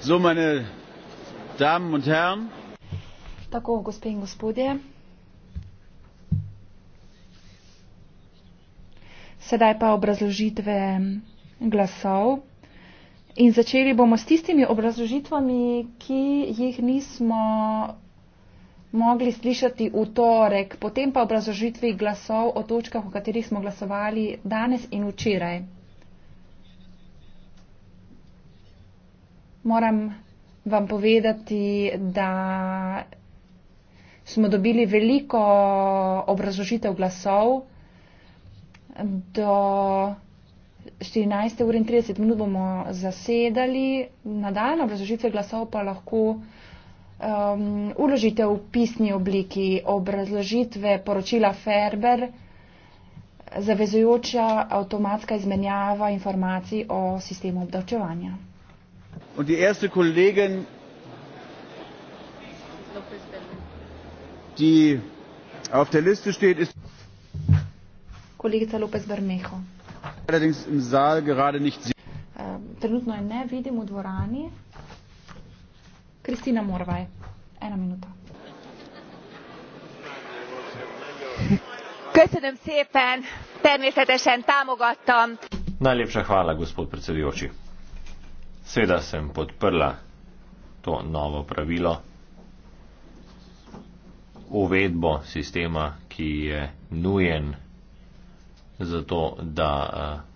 So, meine Damen und Herren, Tako, gospe in gospodje, sedaj pa obrazložitve glasov. In začeli bomo s tistimi obrazložitvami, ki jih nismo mogli slišati v torek, potem pa obrazložitvi glasov o točkah, o katerih smo glasovali danes in včeraj. moram vam povedati, da smo dobili veliko obrazložitev glasov. Do 14. ure in 30 minut bomo zasedali, nadaljne obrazložitve glasov pa lahko um, uložite v pisni obliki obrazložitve poročila Ferber, zavezujoča avtomatska izmenjava informacij o sistemu obdavčevanja und die erste Kollegin, die auf der Liste steht, ist Kollegin Lopez Bermejo. Allerdings im Saal gerade nicht sie. Ehm, trenutno je ne vidim v dvorani. Kristina Morvaj, ena minuta. Köszönöm szépen, természetesen támogattam. Najlepša hvala, gospod predsedujoči. Seveda sem podprla to novo pravilo, uvedbo sistema, ki je nujen za to, da. Uh,